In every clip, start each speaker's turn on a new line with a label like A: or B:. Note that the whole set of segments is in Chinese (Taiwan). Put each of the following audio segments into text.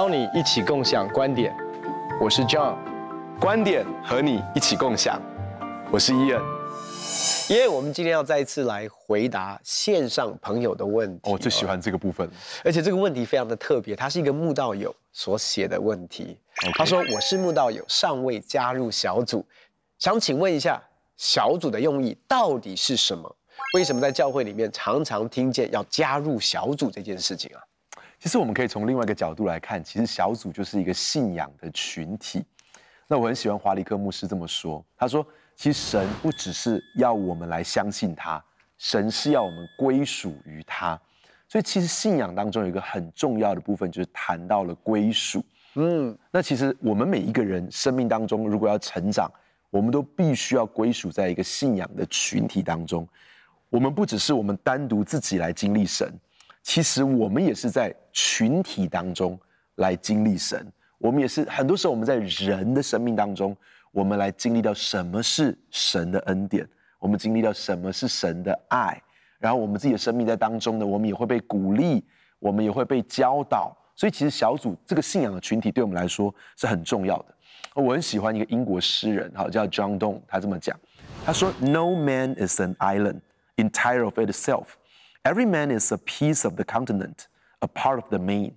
A: 邀你一起共享觀點，我是 John，觀點和你一起共享，我是伊恩，為、yeah, 我們今天要再一次來回答線上朋友的問題。我、哦、最喜歡這個部分，而且這個問題非常的特別，他是一個慕道友所寫的問題。Okay. 他說：“我是慕道友，尚未加入小組，想請問一下，小組的用意到底是什麼？為什麼在教會裡面常常聽見要加入小組這件事情啊？”其實我們可以從另外一個角
B: 度來看，其實小組就是一個信仰的群體。那我很喜歡華理克牧師這麼說，他說：“其實神不只是要我們來相信他，神是要我們歸屬於他。所以其實信仰當中有一個很重要的部分，就是談到了歸屬。”嗯，那其實我們每一個人生命當中，如果要成長，我們都必須要歸屬在一個信仰的群體當中。我們不只是我們單獨自己來經歷神。其實我們也是在群體當中來經歷神。我們也是很多時候我們在人的生命當中，我們來經歷到什麼是神的恩典，我們經歷到什麼是神的愛。然後我們自己的生命在當中呢，我們也會被鼓勵，我們也會被教導。所以其實小組這個信仰的群體對我們來說是很重要的。我很喜歡一個英國詩人哈，叫 John Donne，他這麼講，他說 “No man is an island entire of it itself。” Every man is a piece of the continent, a part of the main.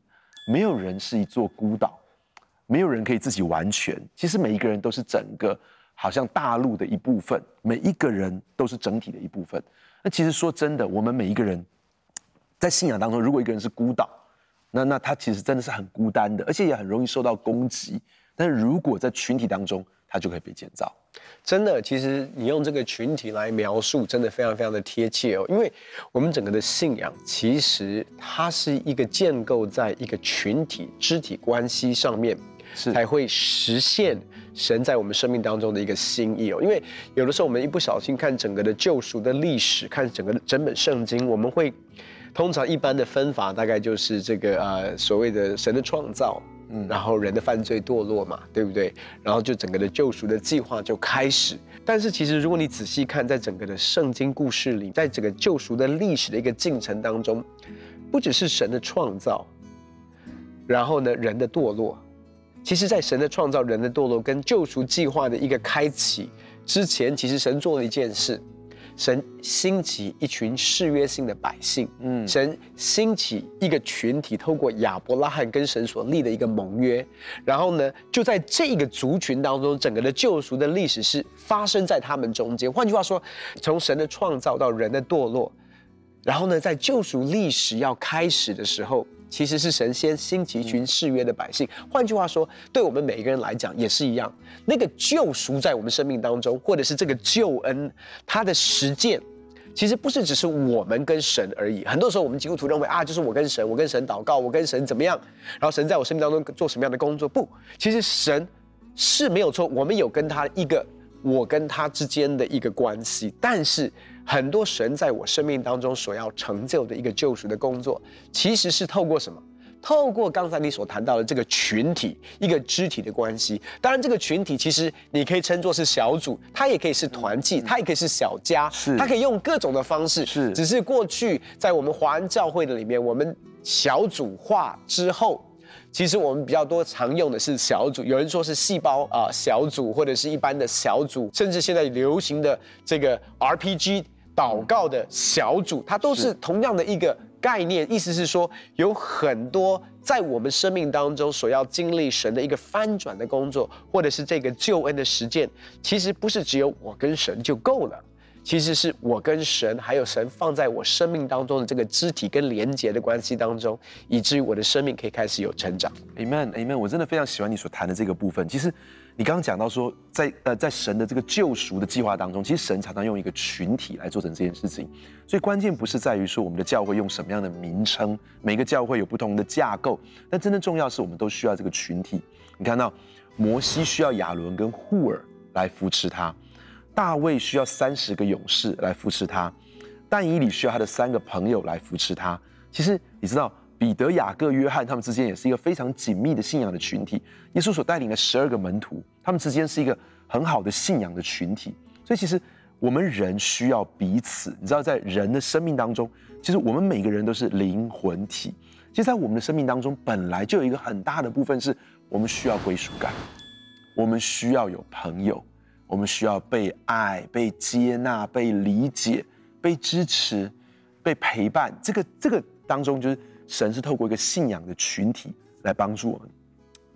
B: 沒有人是一座孤島，沒有人可以自己完全。其實每一個人都是整個好像大陸的一部分，每一個人都是整體的一部分。那其實說真的，我們每一個人在信仰當中，如果一個人是孤島，那那他其實真的是很孤單的，而且也很容易受到攻擊。但是如果在群體當中，
A: 它就可以被建造。真的，其實你用這個群體來描述，真的非常非常的貼切哦。因為我們整個的信仰，其實它是一個建構在一個群體肢體關係上面，是才會實現神在我們生命當中的一個心意哦。因為有的時候我們一不小心看整個的救贖的歷史，看整個的整本聖經，我們會通常一般的分法，大概就是這個呃所謂的神的創造。嗯，然後人的犯罪墮落嘛，對不對？然後就整個的救贖的計劃就開始。但是其實如果你仔細看，在整個的聖經故事裡，在整個救贖的歷史的一個進程當中，不只是神的創造，然後呢，人的墮落，其實在神的創造、人的墮落跟救贖計劃的一個開啟之前，其實神做了一件事。神興起一群誓約性的百姓，嗯，神興起一個群體，透過亞伯拉罕跟神所立的一個盟約，然後呢，就在這個族群當中，整個的救贖的歷史是發生在他們中間。換句話說，從神的創造到人的墮落，然後呢，在救贖歷史要開始的時候。其實是神揀選這群誓約的百姓。嗯、換句話說，對我們每一個人來講也是一樣。那個救贖在我們生命當中，或者是這個救恩，它的實踐，其實不是只是我們跟神而已。很多時候我們基督徒認為啊，就是我跟神，我跟神禱告，我跟神怎麼樣，然後神在我生命當中做什麼樣的工作。不，其實神是沒有錯，我們有跟他一個我跟他之間的一個關係，但是。很多神在我生命當中所要成就的一個救贖的工作，其實是透過什麼？透過剛才你所談到的這個群體，一個肢體的關係。當然，這個群體其實你可以稱作是小組，它也可以是團契，嗯、它也可以是小家，是它可以用各種的方式。是，只是過去在我們華安教會的裡面，我們小組化之後，其實我們比較多常用的是小組。有人說是細胞啊、呃、小組，或者是一般的小組，甚至現在流行的這個 RPG。禱告的小組，它都是同樣的一個概念，是意思是說，有很多在我們生命當中所要經歷神的一個翻轉的工作，或者是這個救恩的實踐，其實不是只有我跟神就夠了，其實是我跟神還有神放在我生命當中的這個肢體跟連接的關係當中，以至於我的生命可以開始有成
B: 長。Amen，Amen，我真的非常喜歡你所談的這個部分，其實。你剛剛講到說，在呃，在神的這個救贖的計劃當中，其實神常常用一個群體來做成這件事情。所以關鍵不是在於說我們的教會用什麼樣的名稱，每個教會有不同的架構，但真正重要的是我們都需要這個群體。你看到摩西需要亞倫跟戶珥來扶持他，大衛需要三十個勇士來扶持他，但以理需要他的三個朋友來扶持他。其實你知道。彼得、雅各、約翰，他們之間也是一個非常緊密的信仰的群體。耶穌所帶領的十二個門徒，他們之間是一個很好的信仰的群體。所以，其實我們人需要彼此。你知道，在人的生命當中，其實我們每個人都是靈魂體。其實，在我們的生命當中，本來就有一個很大的部分是我們需要歸屬感，我們需要有朋友，我們需要被愛、被接納、被理解、被支持、被陪伴。這個這個當中，就是。神是透過一個信仰的群體來幫助我們。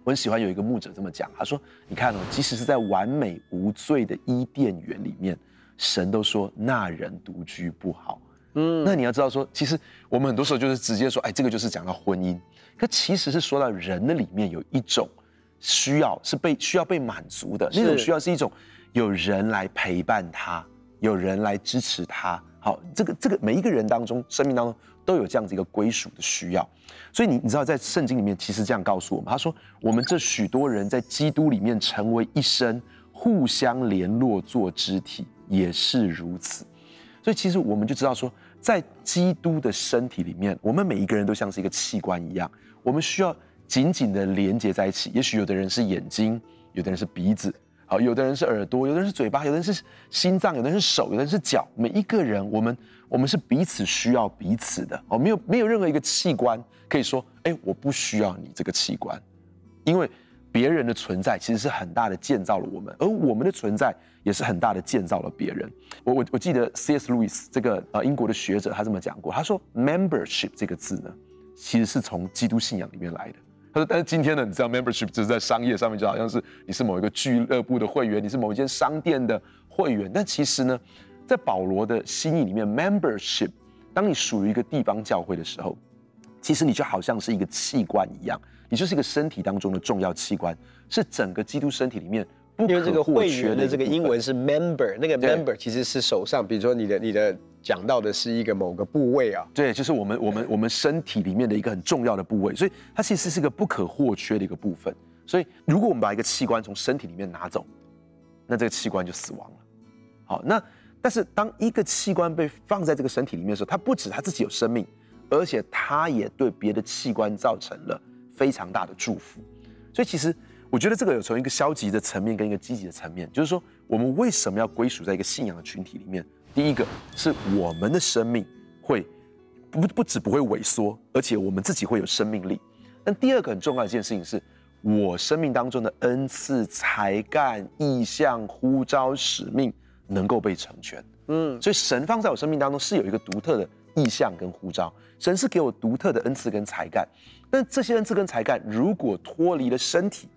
B: 我很喜歡有一個牧者這麼講，他說：“你看哦，即使是在完美無罪的伊甸園裡面，神都說那人獨居不好。嗯，那你要知道說，其實我們很多時候就是直接說，哎，這個就是講到婚姻。可其實是說到人的裡面有一種需要是被需要被滿足的，是那種需要是一種有人來陪伴他，有人來支持他。”好，這個這個每一個人當中，生命當中都有這樣子一個歸屬的需要，所以你你知道，在聖經裡面其實這樣告訴我們，他說，我們這許多人在基督裡面成為一身互相聯絡做肢體，也是如此。所以其實我們就知道說，在基督的身體裡面，我們每一個人都像是一個器官一樣，我們需要緊緊的連接在一起。也許有的人是眼睛，有的人是鼻子。好，有的人是耳朵，有的人是嘴巴，有的人是心臟，有的人是手，有的人是腳。每一個人，我們我們是彼此需要彼此的哦。沒有沒有任何一個器官可以說，哎、欸，我不需要你這個器官，因為別人的存在其實是很大的建造了我們，而我們的存在也是很大的建造了別人。我我我記得 C.S. Lewis 這個呃英國的學者，他這麼講過，他說 “membership” 這個字呢，其實是從基督信仰裡面來的。他說：“但是今天呢，你知道 membership 就是在商業上面就好像是你是某一個俱樂部的會員，你是某一間商店的會員。但其實呢，在保羅的心意裡面，membership，當你屬於一個地方教會的時候，其實你就好像是一個器官一樣，你就是一個身體當中的重要器官，是整個基督身體裡面。”部分因為這個會員的這個英
A: 文是 member，那個 member 對其實是手上，比如說你的你的講到的是一個某個部位啊，
B: 對，就是我們對我們我們身體裡面的一個很重要的部位，所以它其實是一個不可或缺的一個部分。所以如果我們把一個器官從身體裡面拿走，那這個器官就死亡了。好，那但是當一個器官被放在這個身體裡面的時候，它不止它自己有生命，而且它也對別的器官造成了非常大的祝福。所以其實。我覺得這個有從一個消極的層面跟一個積極的層面，就是說我們為什麼要歸屬在一個信仰的群體裡面？第一個是我們的生命會不不止不會萎縮，而且我們自己會有生命力。那第二個很重要的一件事情是，我生命當中的恩賜、才幹、異象、呼召、使命能夠被成全。嗯，所以神放在我生命當中是有一個獨特的異象跟呼召，神是給我獨特的恩賜跟才幹。但這些恩賜跟才幹如果脫離了身體，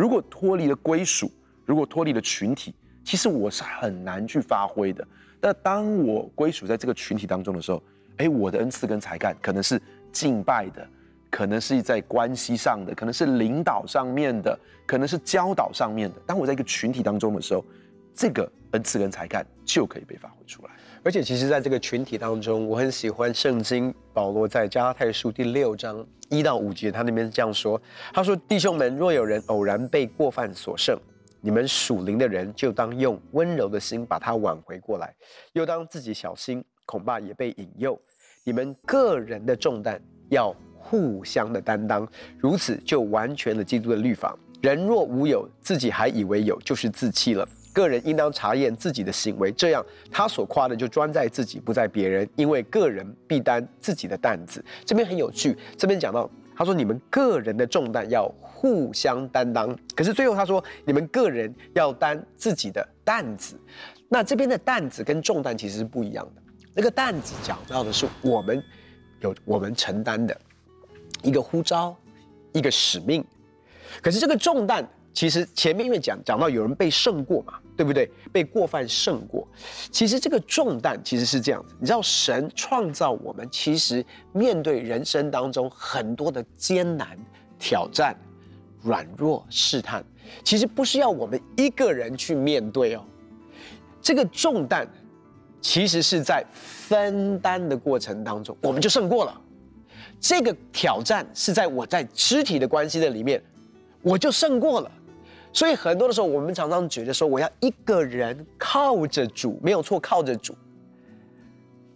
B: 如果脫離了歸屬，如果脫離了群體，其實我是很難去發揮的。但當我歸屬在這個群體當中的時候，哎、欸，我的恩賜跟才幹可能是敬拜的，可能是在關係上的，可能是領導上面的，可能是教導上面的。當我在一個群體當中的時候，這個恩賜跟才幹就可以被發揮出來，
A: 而且其實，在這個群體當中，我很喜歡聖經保羅在加拉太書第六章一到五節，他那邊這樣說：他說，弟兄們，若有人偶然被過犯所勝，你們屬靈的人就當用溫柔的心把他挽回過來，又當自己小心，恐怕也被引誘。你們個人的重擔要互相的擔當，如此就完全了基督的律法。人若無有，自己還以為有，就是自欺了。個人應當查驗自己的行為，這樣他所誇的就專在自己，不在別人。因為個人必擔自己的擔子。這邊很有趣，這邊講到，他說你們個人的重擔要互相擔當，可是最後他說你們個人要擔自己的擔子。那這邊的擔子跟重擔其實是不一樣的。那個擔子講到的是我們有我們承擔的一個呼召，一個使命，可是這個重擔。其實前面因為講講到有人被勝過嘛，對不對？被過犯勝過，其實這個重擔其實是這樣子。你知道神創造我們，其實面對人生當中很多的艱難挑戰、軟弱試探，其實不是要我們一個人去面對哦。這個重擔其實是在分擔的過程當中，我們就勝過了。這個挑戰是在我在肢體的關係的裡面，我就勝過了。所以很多的時候，我們常常覺得說，我要一個人靠着主，沒有錯，靠着主，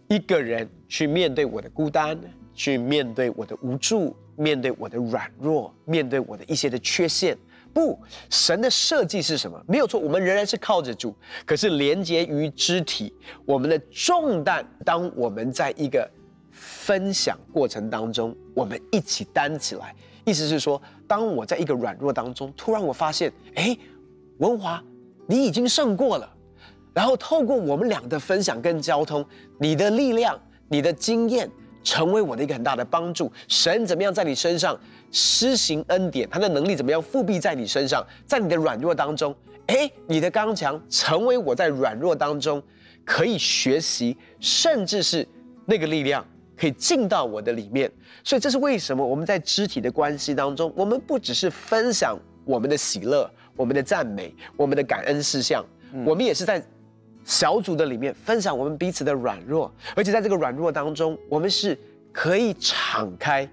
A: 一個人去面對我的孤單，去面對我的無助，面對我的軟弱，面對我的一些的缺陷。不，神的設計是什麼？沒有錯，我們仍然是靠着主，可是連接於肢體，我們的重擔，當我們在一個分享過程當中，我們一起擔起來。意思是說，當我在一個軟弱當中，突然我發現，哎，文華，你已經勝過了。然後透過我們倆的分享跟交通，你的力量、你的經驗，成為我的一個很大的幫助。神怎麼樣在你身上施行恩典？他的能力怎麼樣覆庇在你身上？在你的軟弱當中，哎，你的剛強成為我在軟弱當中可以學習，甚至是那個力量。可以進到我的裡面，所以這是為什麼我們在肢體的關係當中，我們不只是分享我們的喜樂、我們的讚美、我們的感恩事項，嗯、我們也是在小組的裡面分享我們彼此的軟弱，而且在這個軟弱當中，我們是可以敞開，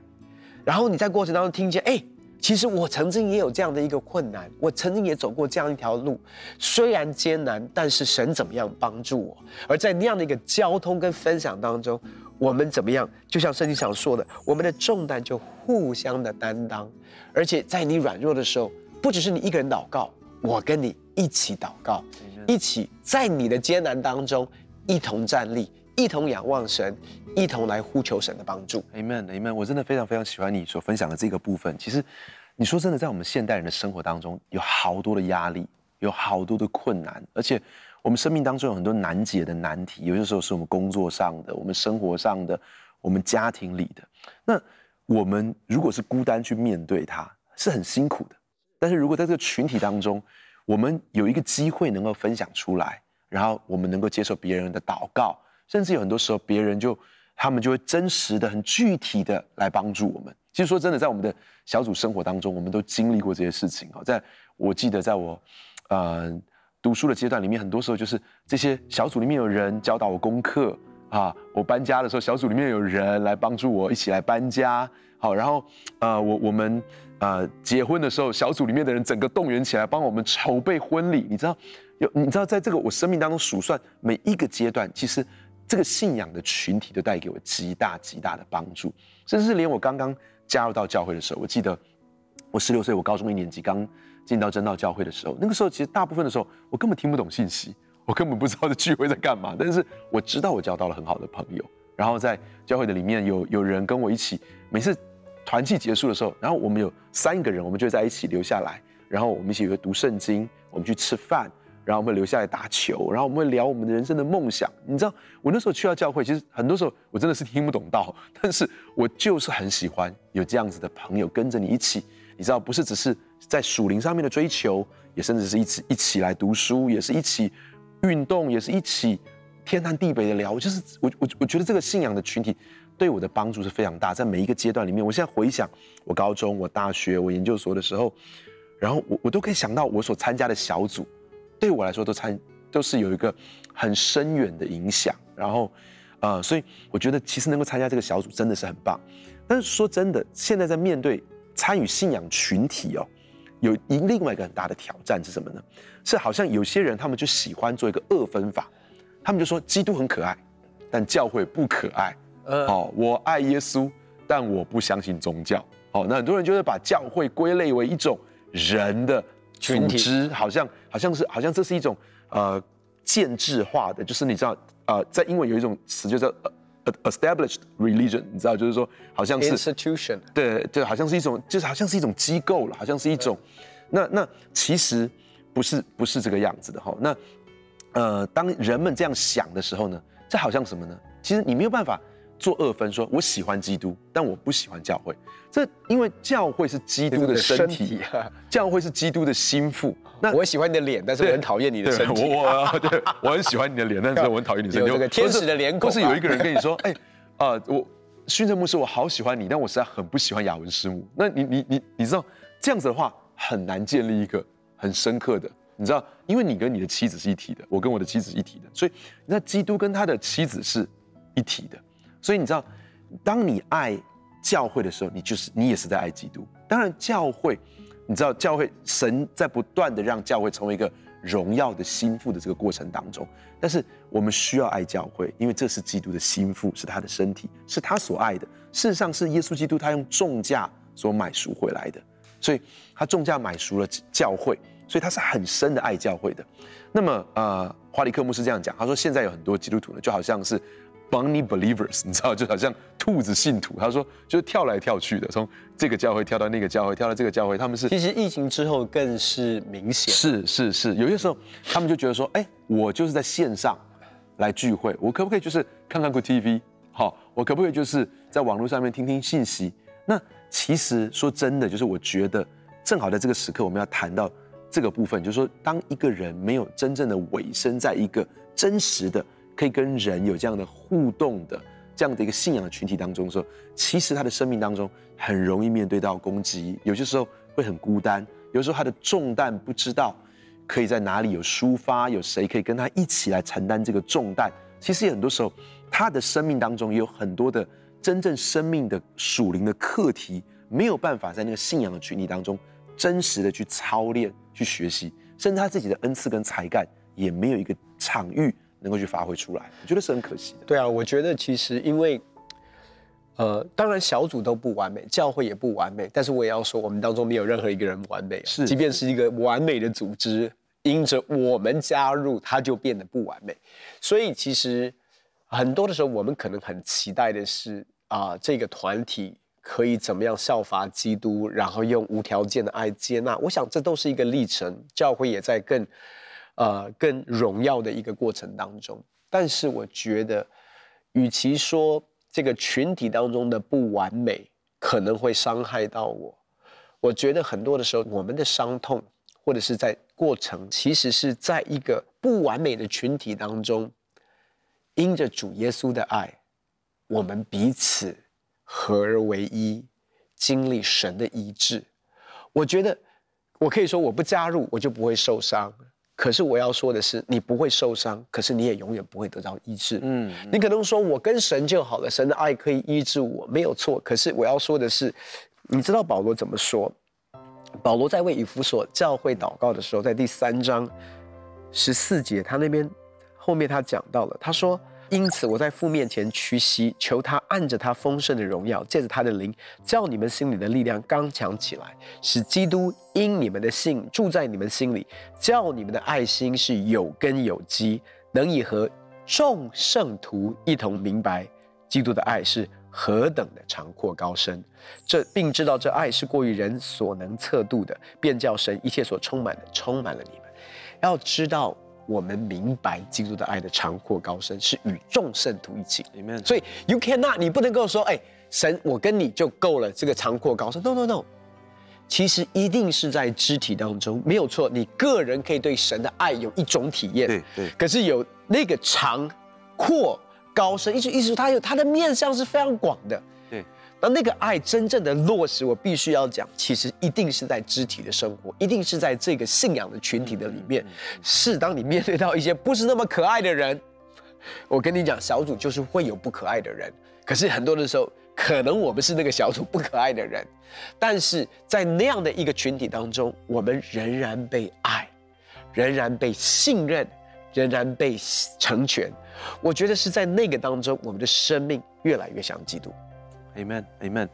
A: 然後你在過程當中聽見誒。其實我曾經也有這樣的一個困難，我曾經也走過這樣一條路，雖然艱難，但是神怎麼樣幫助我？而在那樣的一個交通跟分享當中，我們怎麼樣？就像聖經上說的，我們的重擔就互相的擔當，而且在你軟弱的時候，不只是你一個人禱告，我跟你一起禱告，一起在你的艱難當中一同站立。一同仰望神，一同來呼求神的幫助。Amen，Amen Amen。我真的非常非常喜歡你所分享的這個部分。其實，
B: 你說真的，在我們現代人的生活當中，有好多的壓力，有好多的困難，而且我們生命當中有很多難解的難題。有些時候是我們工作上的，我們生活上的，我們家庭裡的。那我們如果是孤單去面對它，它是很辛苦的。但是如果在這個群體當中，我們有一個機會能夠分享出來，然後我們能夠接受別人的禱告。甚至有很多時候，別人就他們就會真實的、很具體的來幫助我們。其實說真的，在我們的小組生活當中，我們都經歷過這些事情。在我記得在我，嗯、呃、讀書的階段裡面，很多時候就是這些小組裡面有人教導我功課啊。我搬家的時候，小組裡面有人來幫助我一起來搬家。好，然後呃，我我們呃結婚的時候，小組裡面的人整個動員起來幫我們籌備婚禮。你知道，有你知道在這個我生命當中數算每一個階段，其實。這個信仰的群體都帶給我極大極大的幫助，甚至是連我剛剛加入到教會的時候，我記得我十六歲，我高中一年級剛進到真道教會的時候，那個時候其實大部分的時候我根本聽不懂信息，我根本不知道這聚會在幹嘛，但是我知道我交到了很好的朋友，然後在教會的裡面有有人跟我一起，每次團契結束的時候，然後我們有三個人，我們就在一起留下來，然後我們一起讀聖經，我們去吃飯。然後我們會留下來打球，然後我們會聊我們人生的夢想。你知道，我那時候去到教會，其實很多時候我真的是聽不懂道，但是我就是很喜歡有這樣子的朋友跟着你一起。你知道，不是只是在屬靈上面的追求，也甚至是一起一起來讀書，也是一起運動，也是一起天南地北的聊。就是我我我覺得這個信仰的群體對我的幫助是非常大。在每一個階段裡面，我現在回想我高中、我大學、我研究所的時候，然後我我都可以想到我所參加的小組。對我來說，都參都是有一個很深遠的影響。然後，呃，所以我覺得其實能夠參加這個小組真的是很棒。但是說真的，現在在面對參與信仰群體哦，有一另外一個很大的挑戰是什麼呢？是好像有些人他們就喜歡做一個二分法，他們就說基督很可愛，但教會不可愛。好，呃，哦，我愛耶穌，但我不相信宗教。好，哦，那很多人就會把教會歸類為一種人的。組織，好像好像是好像這是一種呃，建制化的。就是你知道呃，在英文有一種詞就叫呃 established religion，你知道就是說好像是 institution，對對，好像是一種就是好像是一種機構了，好像是一種，對那那其實不是不是這個樣子的哈、哦。那呃，當人們這樣想的時候呢，這好像什麼呢？其實你沒有辦法。做二分說，說我喜歡基督，但我不喜歡教會。這因為教會是基督的身體，
A: 教會是基督的心腹。那我很喜歡你的臉，但是我很討厭你的身體。對對我，我
B: 對，我很喜歡你的臉， 但是我很討厭你的身體，天使的臉孔，可是，是有一個人跟你說：“啊、哎，啊、呃，我訓政牧師，我好喜歡你，但我實在很不喜歡雅文師母。”那你、你、你、你知道這樣子的話很難建立一個很深刻的，你知道，因為你跟你的妻子是一體的，我跟我的妻子是一體的，所以那基督跟他的妻子是一體的。所以你知道，當你愛教會的時候，你就是你也是在愛基督。當然，教會，你知道，教會神在不斷的讓教會成為一個榮耀的新婦的這個過程當中，但是我們需要愛教會，因為這是基督的新婦，是他的身體，是他所愛的。事實上，是耶穌基督他用重價所買贖回來的，所以他重價買贖了教會，所以他是很深的愛教會的。那麼，呃，華理克牧師這樣講，他說現在有很多基督徒呢，就好像是。Bunny believers，你知道，就好像兔子信徒，他說就是跳來跳去的，從這個教會跳到那個教會，跳到這個教會，他們是。其
A: 實疫情之後更是明顯。是是是，有些時候他們就覺得說，哎、
B: 欸，我就是在線上來聚會，我可不可以就是看看 Good TV？好，我可不可以就是在網絡上面聽聽信息？那其實說真的，就是我覺得正好在這個時刻，我們要談到這個部分，就是說當一個人沒有真正的委身在一個真實的。可以跟人有這樣的互動的這樣的一個信仰的群體當中的時候，其實他的生命當中很容易面對到攻擊，有些時候會很孤單，有時候他的重擔不知道可以在哪裡有抒發，有誰可以跟他一起來承擔這個重擔。其實很多時候，他的生命當中也有很多的真正生命的屬靈的課題，沒有辦法在那個信仰的群體當中真實的去操練、去學習，甚至他自己的恩賜跟才幹也
A: 沒有一個場域。能夠去發揮出來，我覺得是很可惜的。對啊，我覺得其實因為，呃，當然小組都不完美，教會也不完美，但是我也要說，我們當中沒有任何一個人完美啊。是，即便是一個完美的組織，因着我們加入，它就變得不完美。所以其實很多的時候，我們可能很期待的是啊，呃，這個團體可以怎麼樣效法基督，然後用無條件的愛接納。我想這都是一個歷程，教會也在更。呃，更榮耀的一個過程當中，但是我覺得，與其說這個群體當中的不完美可能會傷害到我，我覺得很多的時候，我們的傷痛或者是在過程，其實是在一個不完美的群體當中，因着主耶穌的愛，我們彼此合而為一，經歷神的醫治。我覺得，我可以說，我不加入，我就不會受傷。可是我要說的是，你不會受傷，可是你也永遠不會得到醫治。嗯，你可能說我跟神就好了，神的愛可以醫治我，沒有錯。可是我要說的是，你知道保羅怎麼說？保羅在為以弗所教會禱告的時候，嗯、在第三章十四節，他那邊後面他講到了，他說。因此，我在父面前屈膝，求他按着他豐盛的榮耀，借着他的靈，叫你們心裡的力量剛強起來，使基督因你們的信住在你們心裡，叫你們的愛心是有根有基，能以和眾聖徒一同明白基督的愛是何等的長闊高深。這並知道這愛是過於人所能測度的，便叫神一切所充滿的充滿了你們。要知道。我們明白基督的愛的長闊高深是與眾聖徒一起，你所以 you cannot 你不能夠說，哎，神，我跟你就夠了。這個長闊高深，no no no，其實一定是在肢體當中沒有錯。你個人可以對神的愛有一種體驗，對對。對可是有那個長、闊、高深，意思意思，它有它的面向是非常廣的。那那個愛真正的落實，我必須要講，其實一定是在肢體的生活，一定是在這個信仰的群體的裡面。嗯嗯嗯、是當你面對到一些不是那麼可愛的人，我跟你講，小組就是會有不可愛的人。可是很多的時候，可能我們是那個小組不可愛的人，但是在那樣的一個群體當中，我們仍然被愛，仍然被信任，仍然被成全。我覺得是在那個當中，我們的生命越來
B: 越像基督。Amen, Amen,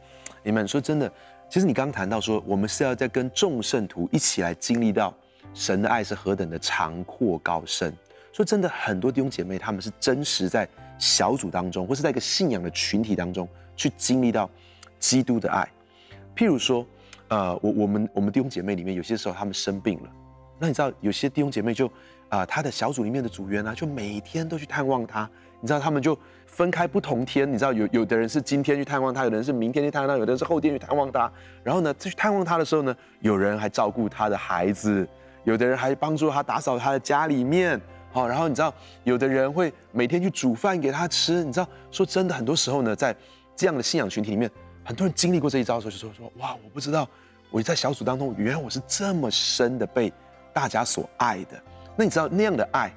B: Amen。說真的，其實你剛剛談到說，我們是要在跟眾聖徒一起來經歷到神的愛是何等的長闊高深。說真的，很多弟兄姐妹他們是真實在小組當中，或是在一個信仰的群體當中去經歷到基督的愛。譬如說，呃，我我們我們弟兄姐妹裡面有些時候他們生病了，那你知道有些弟兄姐妹就啊，他的小組裡面的組員呢，啊，就每天都去探望他。你知道他們就分開不同天，你知道有有的人是今天去探望他，有的人是明天去探望他，有的人是後天去探望他。然後呢，去探望他的時候呢，有人還照顧他的孩子，有的人還幫助他打掃他的家裡面。好，然後你知道有的人會每天去煮飯給他吃。你知道說真的，很多時候呢，在這樣的信仰群體裡面，很多人經歷過這一招的時候，就說說哇，我不知道我在小組當中，原來我是這麼深的被大家所愛的。那你知道那樣的愛，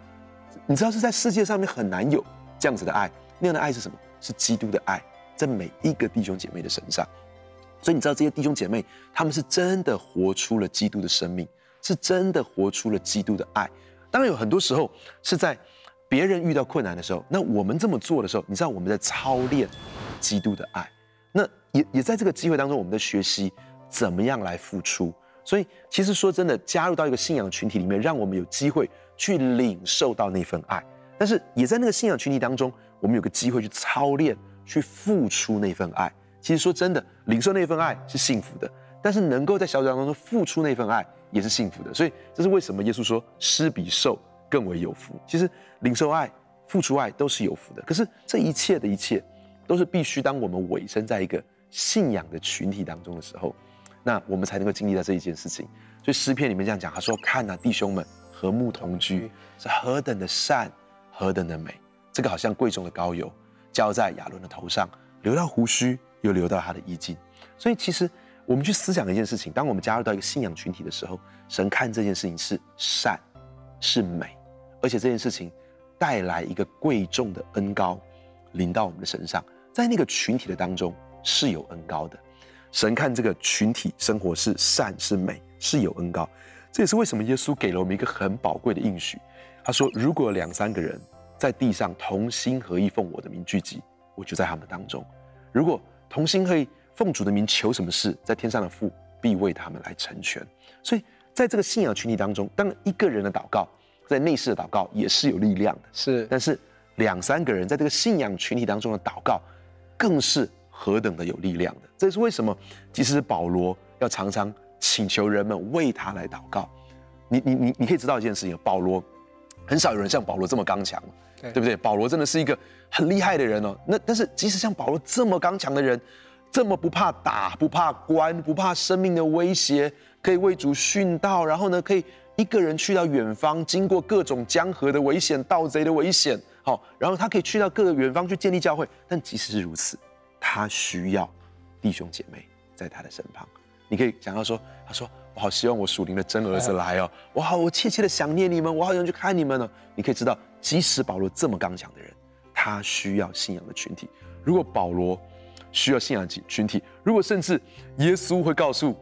B: 你知道是在世界上面很難有。這樣子的愛，那樣的愛是什麼？是基督的愛，在每一個弟兄姐妹的身上。所以你知道，這些弟兄姐妹，他們是真的活出了基督的生命，是真的活出了基督的愛。當然，有很多時候是在別人遇到困難的時候，那我們這麼做的時候，你知道，我們在操練基督的愛。那也也在這個機會當中，我們在學習怎麼樣來付出。所以，其實說真的，加入到一個信仰群體裡面，讓我們有機會去領受到那份愛。但是也在那個信仰群體當中，我們有個機會去操練、去付出那份愛。其實說真的，領受那份愛是幸福的；但是能夠在小組當中說付出那份愛也是幸福的。所以這是為什麼耶穌說“施比受更為有福”。其實領受愛、付出愛都是有福的。可是這一切的一切，都是必須當我們委身在一個信仰的群體當中的時候，那我們才能夠經歷到這一件事情。所以詩篇裡面這樣講，他說：“看吶，啊，弟兄們和睦同居是何等的善。”何等的美！這個好像貴重的膏油，澆在亞倫的頭上，流到鬍鬚，又流到他的衣襟。所以，其實我們去思想一件事情：當我們加入到一個信仰群體的時候，神看這件事情是善，是美，而且這件事情帶來一個貴重的恩膏，臨到我們的身上。在那個群體的當中是有恩膏的。神看這個群體生活是善、是美、是有恩膏。這也是為什麼耶穌給了我們一個很寶貴的應許。他說：“如果兩三個人在地上同心合意奉我的名聚集，我就在他們當中。如果同心合意奉主的名求什麼事，在天上的父必為他們來成全。”所以，在這個信仰群體當中，當一個人的禱告，在內室的禱告也是有力量的。是，但是兩三個人在這個信仰群體當中的禱告，更是何等的有力量的。這是為什麼，即使保羅要常常請求人們為他來禱告。你你你，你可以知道一件事情：保羅。很少有人像保羅這麼剛強，對不對？對。保羅真的是一個很厲害的人哦。那但是，即使像保羅這麼剛強的人，這麼不怕打、不怕關、不怕生命的威脅，可以為主殉道，然後呢，可以一個人去到遠方，經過各種江河的危險、盜賊的危險，好，然後他可以去到各個遠方去建立教會。但即使是如此，他需要弟兄姐妹在他的身旁。你可以想到說，他說。我好希望我屬靈的真兒子來哦！我好，我切切的想念你們，我好想去看你們哦，你可以知道，即使保羅這麼剛強的人，他需要信仰的群體。如果保羅需要信仰群群體，如果甚至耶穌會告訴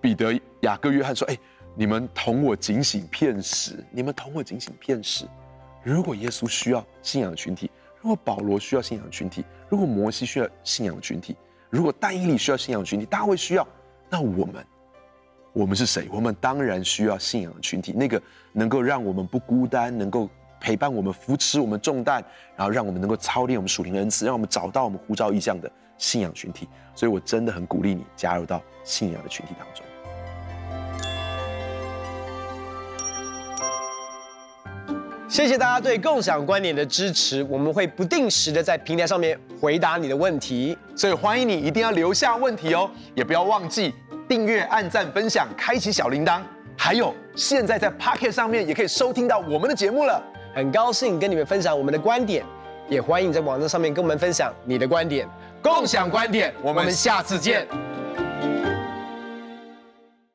B: 彼得、雅各、約翰說：“哎，你們同我警醒片時，你們同我警醒片時。如果耶穌需要信仰的群體，如果保羅需要信仰的群體，如果摩西需要信仰的群體，如果但以理需要信仰的群體，大家會需要，那我們。我們是誰？我們當然需要信仰的群體，那個能夠讓我們不孤單，能夠陪伴我們、扶持我們重擔，然後讓我們能夠操練我們屬靈的恩賜，讓我們找到我們呼召異象的信仰群體。所以，我真的很鼓勵你加入到信仰的群體當中。
A: 謝謝大家對共享觀點的支持，我們會不定時的在平台上面回答你的問題，所以歡迎你一定要留下問題哦，也不要忘記。訂閱、按讚、分享、開啟小鈴鐺，還有現在在 Pocket 上面也可以收聽到我們的節目了。很高興跟你們分享我們的觀點，也歡迎在網站上面跟我們分享你的觀點，共享觀點。我們下次見。